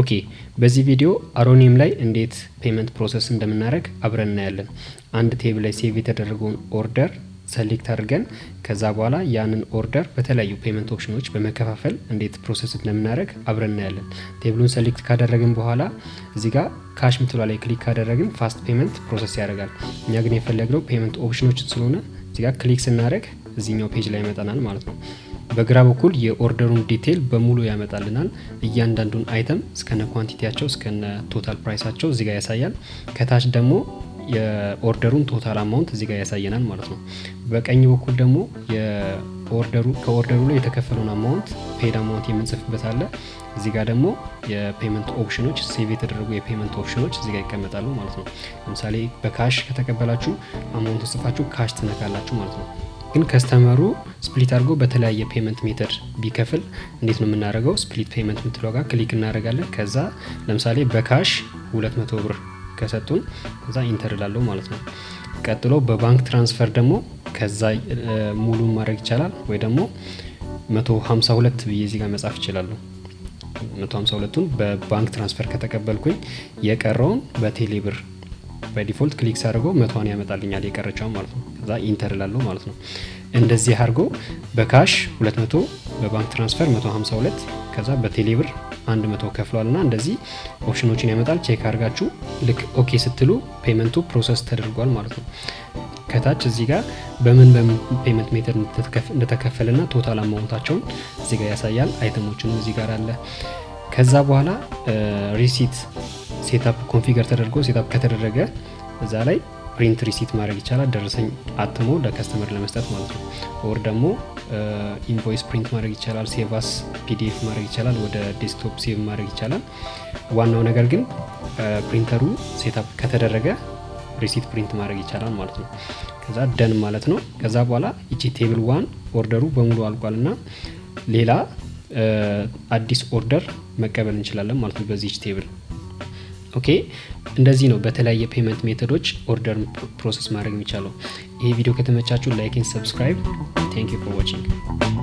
ኦኬ በዚህ ቪዲዮ አሮኒየም ላይ እንዴት ፔመንት ፕሮሰስ እንደምናደርግ አብረን እናያለን። አንድ ቴብል ላይ ሴቭ የተደረገውን ኦርደር ሰሌክት አድርገን ከዛ በኋላ ያንን ኦርደር በተለያዩ ፔመንት ኦፕሽኖች በመከፋፈል እንዴት ፕሮሰስ እንደምናደርግ አብረን እናያለን። ቴብሉን ሰሌክት ካደረግን በኋላ እዚ ጋ ካሽ ምትሏ ላይ ክሊክ ካደረግን ፋስት ፔመንት ፕሮሰስ ያደርጋል። እኛ ግን የፈለግነው ፔመንት ኦፕሽኖችን ስለሆነ እዚ ጋ ክሊክ ስናደርግ እዚኛው ፔጅ ላይ ይመጣናል ማለት ነው። በግራ በኩል የኦርደሩን ዲቴይል በሙሉ ያመጣልናል። እያንዳንዱን አይተም እስከነ ኳንቲቲያቸው እስከነ ቶታል ፕራይሳቸው እዚጋ ያሳያል። ከታች ደግሞ የኦርደሩን ቶታል አማውንት እዚጋ ያሳየናል ማለት ነው። በቀኝ በኩል ደግሞ ከኦርደሩ ላይ የተከፈለውን አማውንት ፔድ አማውንት የምንጽፍበት አለ። እዚጋ ደግሞ የፔመንት ኦፕሽኖች ሴቭ የተደረጉ የፔመንት ኦፕሽኖች እዚጋ ይቀመጣሉ ማለት ነው። ለምሳሌ በካሽ ከተቀበላችሁ አማውንት ጽፋችሁ ካሽ ትነካላችሁ ማለት ነው። ግን ከስተመሩ ስፕሊት አድርጎ በተለያየ ፔመንት ሜተድ ቢከፍል እንዴት ነው የምናደርገው? ስፕሊት ፔመንት የምትለው ጋር ክሊክ እናደርጋለን። ከዛ ለምሳሌ በካሽ 200 ብር ከሰጡን ከዛ ኢንተር ላለው ማለት ነው። ቀጥሎ በባንክ ትራንስፈር ደግሞ ከዛ ሙሉን ማድረግ ይቻላል ወይ ደግሞ 152 ብዬ እዚህ ጋር መጻፍ እችላለሁ። 152ቱን በባንክ ትራንስፈር ከተቀበልኩኝ የቀረውን በቴሌ ብር በዲፎልት ክሊክ ሳደርገው መቷን ያመጣልኛል የቀረቻው ማለት ነው። እዛ ኢንተር ላሉ ማለት ነው። እንደዚህ አድርጎ በካሽ 200 በባንክ ትራንስፈር 152 ከዛ በቴሌብር 100 ከፍሏል እና እንደዚህ ኦፕሽኖችን ያመጣል። ቼክ አድርጋችሁ ልክ ኦኬ ስትሉ ፔመንቱ ፕሮሰስ ተደርጓል ማለት ነው። ከታች እዚህ ጋር በምን በምን ፔመንት ሜተድ እንደተከፈለና ቶታል አማውንታቸውን እዚህ ጋር ያሳያል። አይተሞችንም እዚህ ጋር አለ። ከዛ በኋላ ሪሲት ሴታፕ ኮንፊገር ተደርጎ ሴታፕ ከተደረገ እዛ ላይ ፕሪንት ሪሲት ማድረግ ይቻላል። ደረሰኝ አትሞ ለከስተመር ለመስጠት ማለት ነው። ኦር ደግሞ ኢንቮይስ ፕሪንት ማድረግ ይቻላል። ሴቫስ ፒዲኤፍ ማድረግ ይቻላል። ወደ ዴስክቶፕ ሴቭ ማድረግ ይቻላል። ዋናው ነገር ግን ፕሪንተሩ ሴታፕ ከተደረገ ሪሲት ፕሪንት ማድረግ ይቻላል ማለት ነው። ከዛ ደን ማለት ነው። ከዛ በኋላ እቺ ቴብል ዋን ኦርደሩ በሙሉ አልቋል እና ሌላ አዲስ ኦርደር መቀበል እንችላለን ማለት ነው በዚህ ቴብል ኦኬ እንደዚህ ነው በተለያየ ፔመንት ሜቶዶች ኦርደር ፕሮሰስ ማድረግ የሚቻለው። ይሄ ቪዲዮ ከተመቻችሁ ላይክን ሰብስክራይብ። ታንክ ዩ ፎር